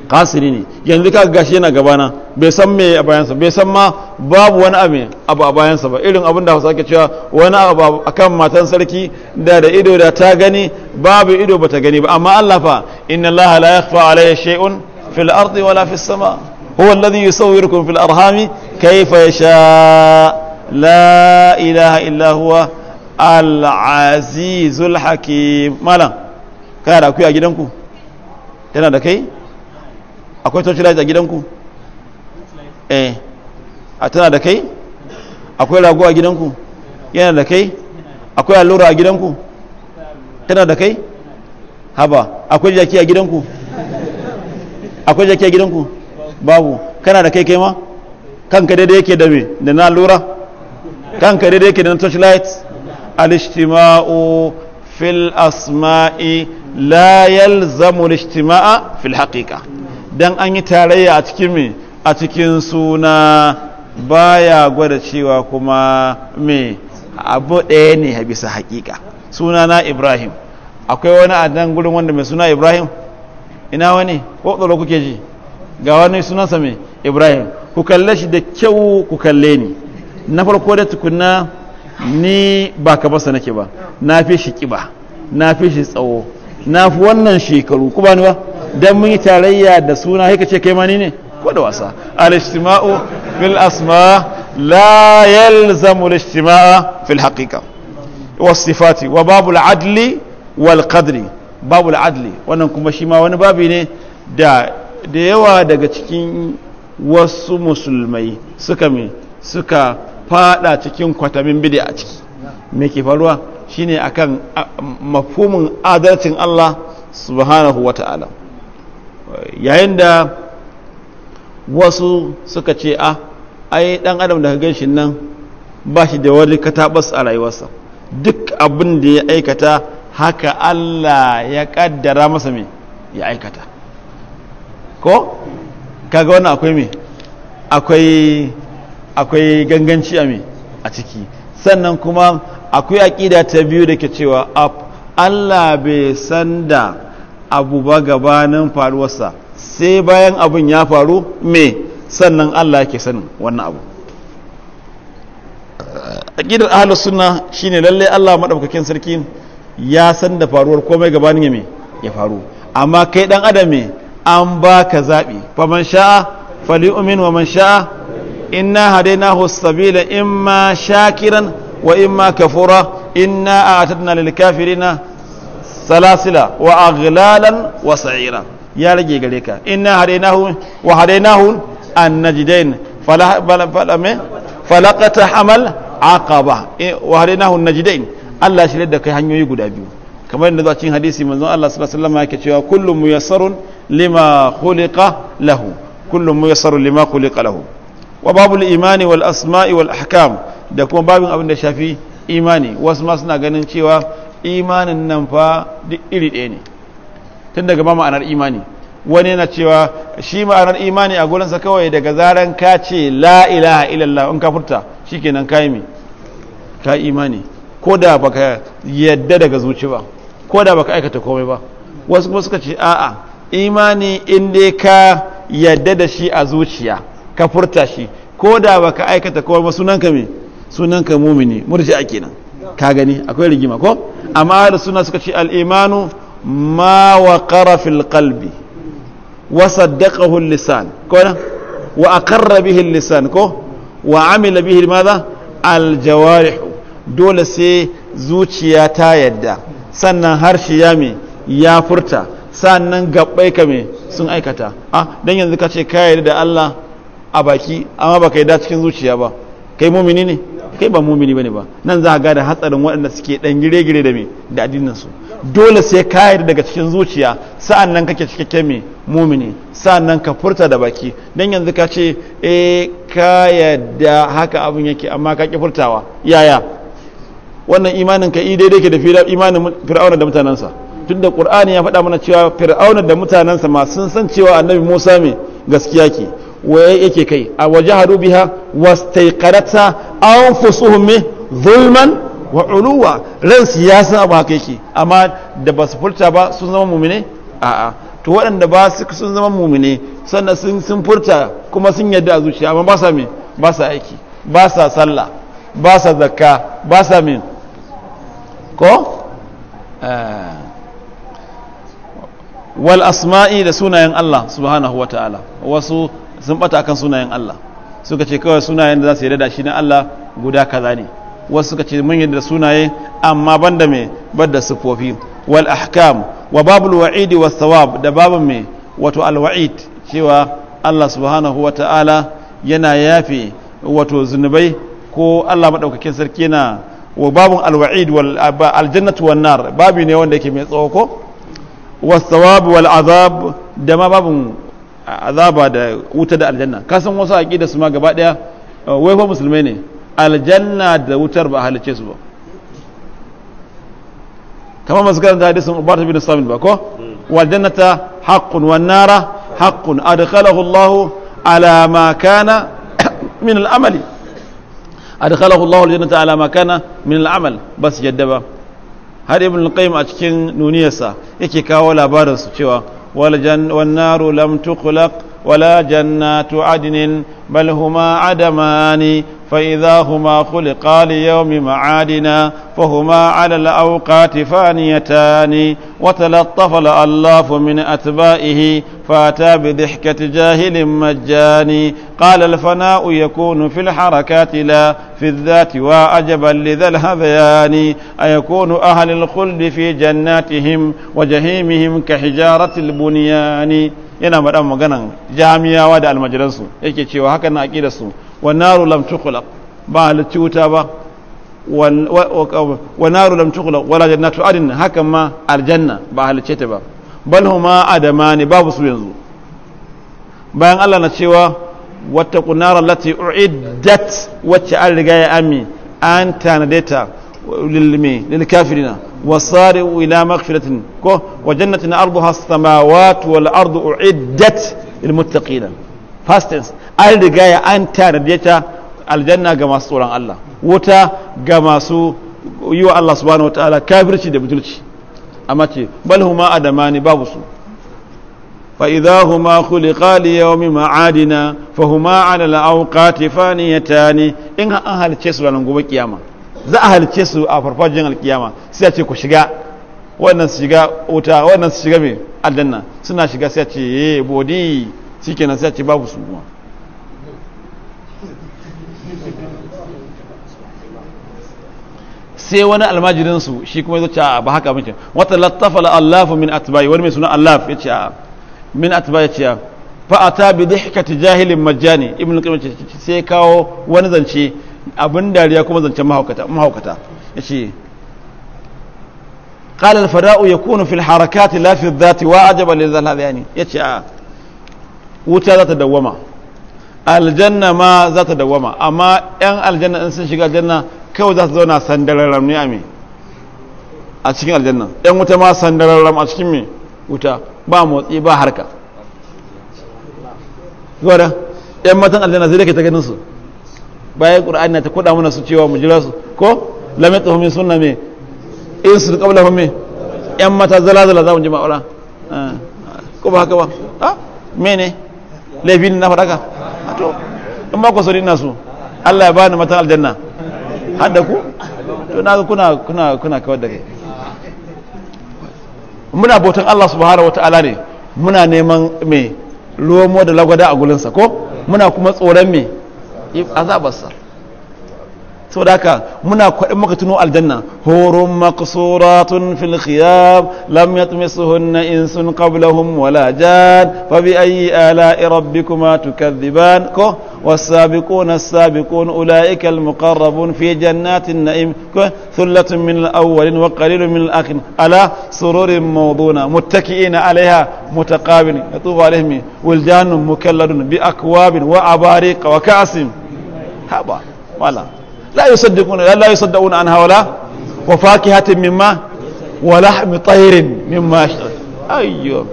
kasiri ne yanzu ka gashi yana gabana bai san me a bayansa bai san ma babu wani abu abu a bayansa ba irin abin da Hausa ke cewa wani abu akan matan sarki da da ido da ta gani babu ido bata gani ba amma Allah fa inna Allah la yakhfa alayhi shay'un fil ardi wala fis sama huwa alladhi yusawwirukum fil arhami kayfa yasha la ilaha illa huwa al-azizul hakim malam kana da akuya a gidanku yana da kai akwai torchlight a gidanku eh a tana da kai akwai rago a gidanku yana da kai akwai allura a gidanku tana da kai haba akwai jaki a gidanku akwai jaki a gidanku babu kana da kai kai ma kanka daidai yake dame. me da na allura kanka daidai ke da na torchlight al-ijtima'u fil asma'i la yalzamu al fil haqiqa dan an yi tarayya a cikin me a cikin suna baya gwada cewa kuma me abu ɗaya ne bisa haƙiƙa suna na ibrahim akwai wani a nan gurin wanda mai suna ibrahim ina wani ko tsoro kuke ji ga wani sunansa mai ibrahim ku kalle shi da kyau ku kalle ni na farko da tukunna ni ba ka basa nake ba na fi shi kiba na fi shi tsawo na fi wannan shekaru ku bani ba Don mun yi tarayya da suna haika ce kai mani ni ne ko da wasa al fil asma la yalzamu al-istima'a fil haqiqa sifati wa babu al-adli wal babu al wannan kuma shi ma wani babi ne da da yawa daga cikin wasu musulmai suka suka fada cikin kwatamin bidi a ciki me ke faruwa shine akan mafhumin adalcin Allah subhanahu wa ta'ala yayin da wasu suka ce a ah, ai dan adam da ga shi nan bashi shi da wani katabas a rayuwarsa duk abin da ya aikata haka Allah ya kaddara masa me ya aikata ko kaga wannan akwai me akwai akwai ganganci a me a ciki sannan kuma akwai aƙida ta biyu da ke cewa Allah bai san da abu ba gabanin faruwarsa sai bayan abin ya faru me sannan Allah ke sanin wannan abu aƙidar suna sunna shine lallai Allah maɗaukakin sarki ya san da faruwar komai gabanin ya me ya faru amma kai ɗan adam me an baka zaɓi faman sha'a fali'umin wa man sha'a inna hadainahu sabila imma shakiran wa imma kafura inna a'tadna lil kafirina salasila wa aghlalan wa sa'ira ya rage gare ka inna hadainahu wa hadainahu an najdain fala fala me falaqata hamal aqaba wa hadainahu an najdain Allah shi da kai hanyoyi guda biyu kamar yadda zuwa cikin hadisi manzon Allah sallallahu alaihi wasallam yake cewa kullu muyassarun lima khuliqa lahu kullu muyassarun lima khuliqa lahu wa babul imani wal asma'i wal ahkam da kuma babin abin da shafi imani wasu ma suna ganin cewa imanin nan fa duk iri ɗaya ne tun daga ma ma'anar imani wani yana cewa shi ma'anar imani a gurinsa kawai daga zaran ka ce la ilaha illallah in ka furta shikenan ka yi ka imani ko da baka yadda daga zuci ba ko da baka aikata komai ba wasu kuma suka ce a'a imani in dai ka yadda da shi a zuciya ka furta shi ko da ba ka aikata kowar ba sunanka me sunanka mumini a kenan ka gani akwai rigima ko amma da suna suka ce al'imanu ma wa fil kalbi wa lisan ko wa a bihi lisan ko wa amila bihi madha al aljawari. dole sai zuciya ta yadda sannan harshe ya me ya furta sannan gabbai ka me sun aikata A? Ah, dan yanzu ka ce ka yarda da Allah a baki amma ba baka da cikin zuciya ba kai mumini ne kai ba mumini ne ba nan za a gada hatsarin waɗanda suke ɗan gire-gire da me da addinin su dole sai ka yarda daga cikin zuciya sa'an nan kake cikakken me mumini sa'an nan ka furta da baki dan yanzu ka ce eh ka yadda haka abin yake amma ka ki furtawa yaya wannan imanin ka i daidai ke da imanin fir'auna da mutanensa tun da qur'ani ya faɗa mana cewa fir'auna da mutanensa ma san cewa annabi musa mai gaskiya ke waye yake kai a wajahadu biha an anfusuhum min zulman wa uluwa ran siyasa abu haka yake amma da ba su furta ba sun zama mumine a'a to waɗanda ba su sun zama mumine sannan sun furta kuma sun yadda a zuciya amma ba sa mai ba sa aiki ba sa sallah ba sa zakka ba sa min ko eh. wal asma'i da sunayen Allah subhanahu wa ta'ala wasu sun bata akan sunayen Allah suka ce kawai sunayen da za su yarda dada shi na Allah guda kaza ne wasu suka ce mun da sunaye amma banda me banda sufofi wal ahkam wa babul wa'id wa thawab da babun mai wato al wa'id cewa Allah subhanahu wa ta'ala yana yafe wato zunubai ko Allah madaukakin sarki na wa babun al wa'id wal aljannatu wan nar babu ne wanda yake mai tsawo ko was thawab wal azab da ma babun azaba da wuta da aljanna kasan wasu aqida su ma gaba daya uh, wai fa musulmai ne aljanna da wutar ba halice su ba kamar masu karanta hadisin ubata bin samil ba ko hmm. wal jannata haqqun wan nara haqqun adkhalahu Allah (coughs) ala ma kana min al amali adkhalahu Allah al jannata ala ma kana min al amal bas jaddaba har ibn al qayyim a cikin nuniyarsa yake kawo labarin su cewa والجن والنار لم تخلق ولا جنات عدن بل هما عدمان فإذا هما خلقا ليوم معادنا فهما على الأوقات فانيتان وتلطف الألاف من أتبائه فأتى بضحكة جاهل مجاني قال الفناء يكون في الحركات لا في الذات وأجبا لذا الهذيان أيكون أهل الخلد في جناتهم وجهيمهم كحجارة البنيان yana maɗan maganan jami'awa da almajiransu yake cewa haka na da su wa naru lam tukula ba halitti wuta ba wa naru lam tukula wala jannatu adin haka ma aljanna ba halicce ta ba bal huma adama ne babu su yanzu bayan Allah na cewa wata kunara lati uiddat wacce an riga ya ami an tanade ta lil kafirina والصارئ إلى مغفرة وجنة أرضها السماوات والأرض أعدت للمتقين first tense an riga ya an tanade ta aljanna ga masu tsoron Allah wuta ga masu yi wa Allah subhanahu wataala kafirci da butulci amma ce bal huma adamani babu su fa idza huma khuliqa li yawmi ma'adina fa huma 'ala al-awqati faniyatani in an halice su ranar gobe kiyama za a halice su a farfajin alkiyama sai a ce ku shiga wannan su shiga wuta wannan su shiga mai aljanna suna shiga sai a ce ye eh, bodi shikenan sai a ce babu su kuma sai wani almajirin su shi kuma zuci a ba haka mace wata lattafa la allafu min atbai wani mai suna allaf ce a min ya ce a fa bi dhihkati jahilin majani ibnu qayyim sai kawo wani zance abin dariya kuma zancen mahaukata mahaukata fil harakati lafi zati wa ajaba ne zan الذات ne ya ce a wuta za ta dawama aljanna ma za ta dawama amma yan aljanna in sun shiga aljanna kawai za su zauna sandarar ne a me a cikin aljanna yan wuta ma sandararram a cikin mai wuta ba motsi ba harka gwada yan matan aljanna zai da ke ta ganin su bayan ƙura'ani na ta kuɗa mana su cewa mu jira su ko lam yatuhum min mai me in su ƙabla hum me yan mata zalazala za mu ji ma'ura ah, ko ba haka ba ah mene laifin na faɗaka a ah, to in ba ku so ina su Allah ya bani matan aljanna har ku to na kuna kuna kuna kawar da kai muna bautan Allah subhanahu wataala ne muna neman me lomo da lagwada a gulinsa ko muna kuma tsoron me azabarsa sau da haka muna kwaɗin maka tuno aljanna horon makasuratun fil khiyab lam yatmisuhunna insun qablahum wala jan fa bi ayyi ala'i والسابقون السابقون أولئك المقربون في جنات النعيم ثلة من الأولين وقليل من الآخرين على سرور موضونة متكئين عليها متقابلين يطوف عليهم ولدان مكلدون بأكواب وأباريق وكأس haba wala la yusaddiquna la yusaddiquna an hawala wa fakihatin mimma wa lahmi tayrin mimma ayyo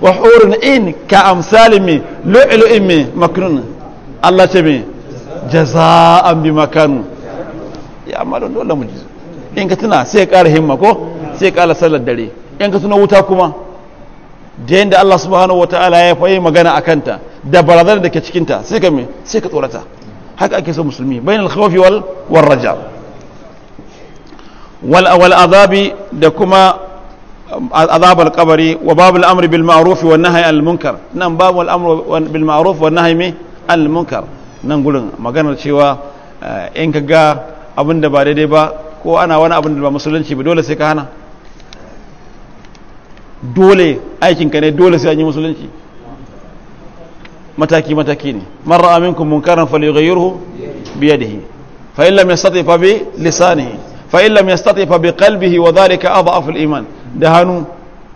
wa hurun in ka amsalim mi lu'lu'in mi maknun Allah tabi jaza'an bi makan ya amma don dole mu in ka tuna sai ka ƙara himma ko sai ka ƙara sallar dare in ka tuna wuta kuma da yanda Allah subhanahu wataala ya fayi magana a kanta da barazana da ke cikinta sai ka me sai ka tsorata haka ake so musulmi bainal khawfi wal warraja wal wal azabi da kuma um, azab al qabri wa babul amri bil ma'ruf wan nahyi al munkar nan babul amri bil ma'ruf wan nahyi al munkar nan gurin maganar cewa eh, in ka ga abin da ba daidai ba ko ana wani abin da ba musulunci ba dole sai ka hana dole aikin ka ne dole sai an yi musulunci متاكي متاكيني من رأى منكم منكرا فليغيره بيده فإن لم يستطيع بلسانه فإن لم يستطيع بقلبه وذلك أضعف الإيمان دهانو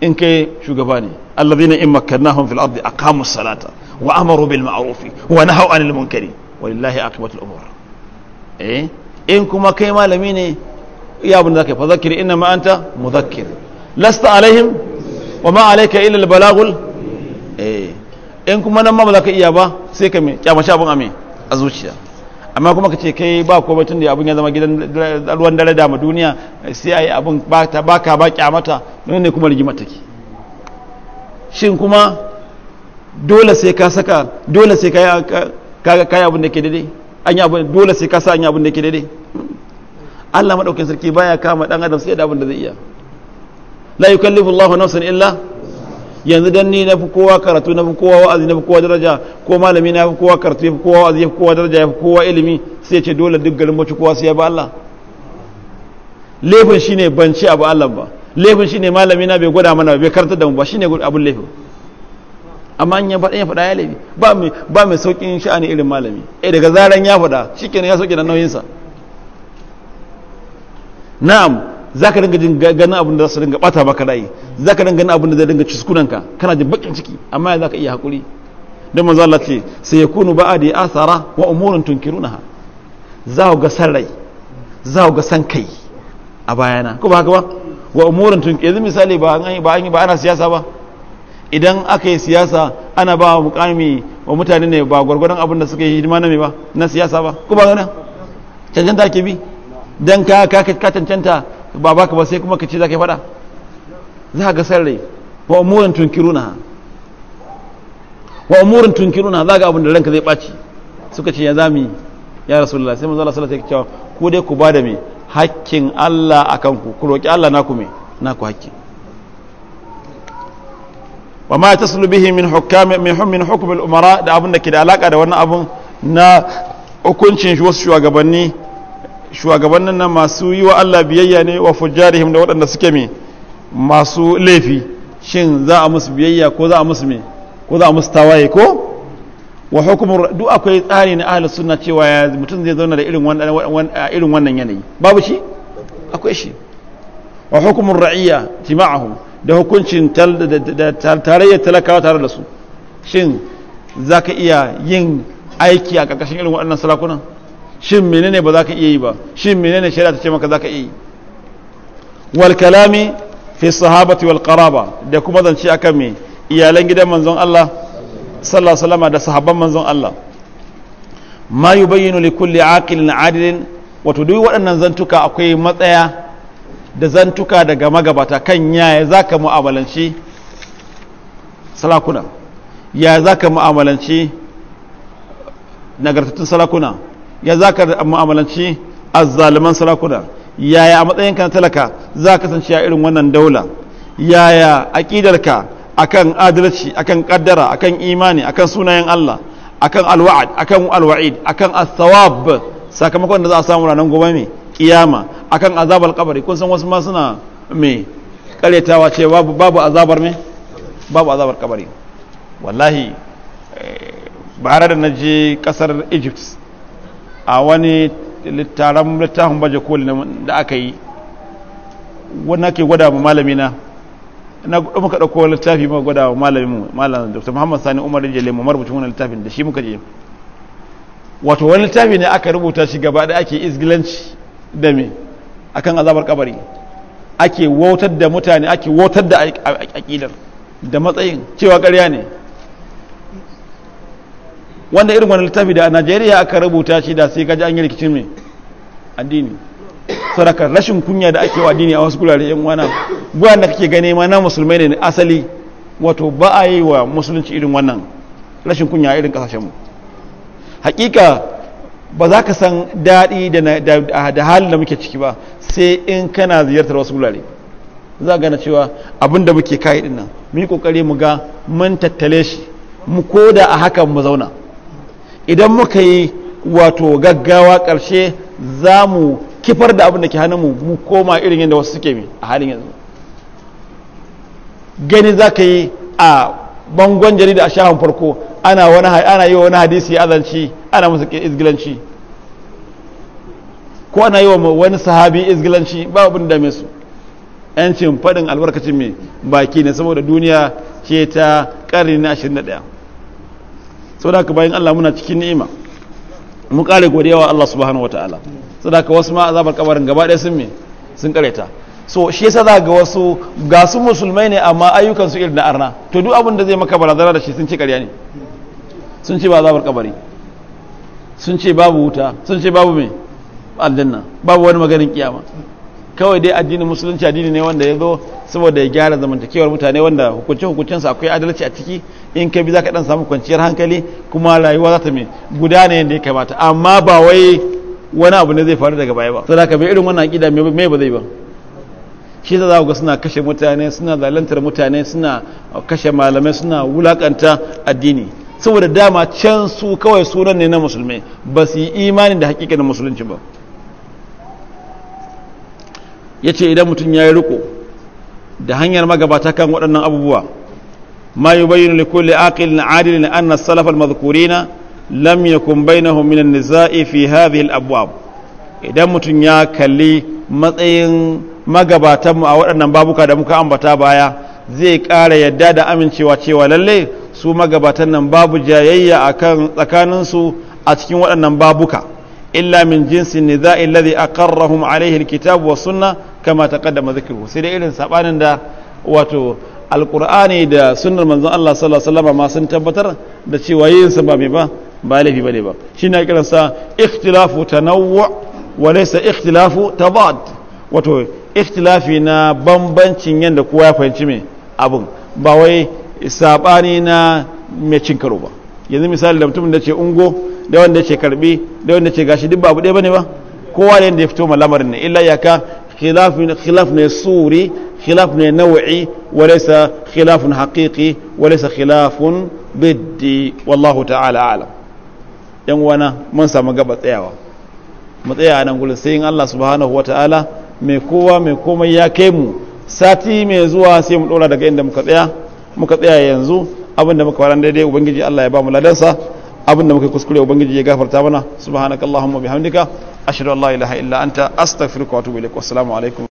إنك شقباني الذين إن مكناهم في الأرض أقاموا الصلاة وأمروا بالمعروف ونهوا عن المنكر ولله أقبة الأمور إيه؟ إنكم كيما لميني يا ابن ذكر فذكر إنما أنت مذكر لست عليهم وما عليك إلا البلاغ إيه in kuma nan ma ba za ka iya ba sai ka kyamashi abin ame a zuciya amma kuma ka ce kai ba ko batun da abin ya zama gidan ruwan dare da duniya sai yi abin ba ka ba kyamata don ne kuma rigima take shin kuma dole sai ka saka dole sai ka yi abin da ke daidai an yi abin dole sai ka sa an yi abin da ke daidai Allah madaukakin sarki baya kama ɗan adam sai da abin da zai iya la yukallifu Allahu nafsan illa yanzu dan ni na fi kowa karatu na fi kowa wa'azi na fi kowa daraja ko malami na fi kowa karatu ya fi kowa wa'azi ya fi kowa daraja ya fi kowa ilimi sai ce dole duk garin bacci kowa sai ya ba Allah laifin shine ban ci abu Allah ba laifin shine malami na bai gwada mana bai karanta da mu ba shine abun laifin amma in ya faɗa ya faɗa ya laifi ba mai ba mai saukin sha'ani irin malami eh daga zaran ya faɗa shikenan ya sauke da nauyinsa na'am za ka dinga ganin abin da za su dinga bata maka ra'ayi za ka dinga ganin abin da zai dinga cuskunanka kana jin bakin ciki amma za ka iya haƙuri don manzo Allah ce sai ya kunu ba da asara wa umurun tunkirunaha za ku ga san rai za ku ga san kai a bayana ko ba haka ba wa umurun tunki yanzu misali ba an ba an ba ana siyasa ba idan aka yi siyasa ana ba mukami wa mutane ne ba gwargwadon abin da suka yi hidima na me ba na siyasa ba ko ba gana cancanta ke bi dan ka ka cancanta ba baka ba sai kuma ka ce za ka yi fada za ga sarrai wa umurin tunkiruna wa umurin tunkiruna za ga abin da ranka zai ɓaci suka ce ya zami ya rasulullah sai manzo Allah sallallahu alaihi wasallam ya ce ku dai ku bada me hakkin Allah akan ku ku roki Allah naku me naku hakkin wa ma taslu bihi min hukam min hum min hukm al umara da abun da ke da alaka da wannan abun na hukuncin wasu shugabanni shugabannin nan masu yi wa Allah biyayya ne wa fujjarihim da waɗanda suke me masu laifi shin za a musu biyayya ko za a musu me ko za a musu tawaye ko wa hukumar duk akwai tsari na ahlus sunna cewa ya mutum zai zauna da irin wannan irin wannan yanayi babu shi akwai shi wa hukumar ra'iyya jima'ahum da hukuncin tarayyar talakawa tare da su shin zaka iya yin aiki a ƙarƙashin irin waɗannan salakunan shin menene ba za ka iya yi ba shin menene shari'a ta ce maka za ka iya yi wal kalami fi sahabati wal qaraba da kuma zance akan me iyalan gidan manzon Allah sallallahu alaihi wasallam da sahabban manzon Allah ma yubayyinu li kulli aqilin adilin wato duk waɗannan zantuka akwai matsaya da zantuka daga magabata kan yaya za ka mu'amalanci salakuna yaya za ka mu'amalanci nagartattun salakuna ya za ka mu'amalanci a azzaliman sarakuna yaya a matsayin ka na talaka za ka kasance a irin wannan daula yaya a a kan adalci a akan kaddara kan imani a kan sunayen Allah a kan alwa'ad kan alwa'id akan kan sawab sakamakon da za a samu ranar gobe ne kiyama kan azabar kabari kun san wasu ma suna me karetawa ce babu azabar me babu azabar kabari wallahi eh, bare da na je kasar Egypt a wani littaran littafin baje koli da aka yi wannan ke gwada ma malami na na muka ɗauko littafi muka gwada wa malamin malamin dr muhammad sani umar jale mu marubucin wani littafin da shi muka je wato wani littafi ne aka rubuta shi gaba da ake izgilanci da me akan azabar kabari ake wautar da mutane ake wautar da aƙidar da matsayin cewa ƙarya ne wanda irin wani littafi da a najeriya aka rubuta shi da sai kaji an yi rikicin mai addini sadaka rashin kunya da ake wa addini a wasu gurare yan wana buwan da kake gane ma na musulmai ne asali wato ba a yi wa musulunci irin wannan rashin kunya a irin kasashenmu hakika ba za ka san daɗi da halin da muke ciki ba sai in kana ziyartar wasu gurare za gana cewa abin da muke kayi dinnan mu yi kokari mu ga mun tattale shi mu koda a hakan mu zauna idan muka yi wato gaggawa ƙarshe za mu kifar da abin da ke hannunmu mu koma irin yadda wasu suke mi a halin yanzu gani za ka yi a bangon jarida a shafin farko ana yi wa wani hadisi azanci ana musu izgilanci ko ana yi wa wani sahabi izgilanci ba abin da su yancin faɗin albarkacin mai baki ne saboda duniya ce ta ƙarni na 21 saboda bayan Allah muna cikin ni'ima mu kare godiya wa Allah subhanahu wataala saboda ka wasu ma azabar kabarin gaba ɗaya sun me sun kareta so shi yasa za ga wasu ga su musulmai ne amma ayyukan su irin na arna to duk abin da zai maka barazana da shi sun ce kariya ne sun ci ba azabar kabari sun ce babu wuta sun ce babu me aljanna babu wani maganin kiyama kawai dai addinin musulunci addini ne wanda ya zo saboda ya gyara zamantakewar mutane wanda hukunce hukuncensa akwai adalci a ciki in ka bi za ka dan samu kwanciyar hankali kuma rayuwa za ta mai gudana yadda ya kamata amma ba wai wani abu ne zai faru daga baya ba saboda ka bai irin wannan akida mai ba zai ba shi za ku ga suna kashe mutane suna zalantar mutane suna kashe malamai suna wulakanta addini saboda dama can su kawai sunan ne na musulmai ba su yi imanin da hakikanin musulunci ba ya ce idan mutum ya yi riko da hanyar magabata kan waɗannan abubuwa ما يبين لكل عاقل عادل أن السلف المذكورين lam yakun bainahum minan niza'i fi hadhihi al-abwab idan mutum ya kalli matsayin magabatanmu a waɗannan babuka da muka ambata baya zai ƙara yadda da amincewa cewa lalle su magabatan nan babu jayayya akan tsakanin su a cikin waɗannan babuka illa min jinsi niza'i alladhi aqarrahum alayhi al-kitab wa sunnah kama taqaddama dhikruhu sai da irin saɓanin da wato alkur'ani da sunnar manzon Allah sallallahu alaihi wasallam ma sun tabbatar da cewa yin sa ba mai ba ba laifi bane ba shine kiran sa ikhtilafu tanawwu wa laysa ikhtilafu tabad wato ikhtilafi na bambancin yanda kowa ya fahimci me abun ba wai sabani na me cin karo ba yanzu misali da mutumin da ce ungo da wanda ce karbi da wanda ce gashi duk babu ɗaya bane ba kowa da ya fito ma lamarin ne illa yaka khilaf ne suri خلاف نوعي وليس خلاف حقيقي وليس خلاف بدي والله تعالى أعلم yan wana mun samu gaba tsayawa mu tsaya nan gurin sai in Allah subhanahu wataala mai kowa mai komai ya kai mu sati mai zuwa sai mu dora daga inda muka tsaya muka tsaya yanzu abinda muka fara daidai ubangiji Allah ya ba mu ladansa abinda muka kuskure ubangiji ya gafarta mana subhanakallahumma bihamdika ashhadu an la ilaha illa anta astaghfiruka wa atubu ilaik wassalamu alaikum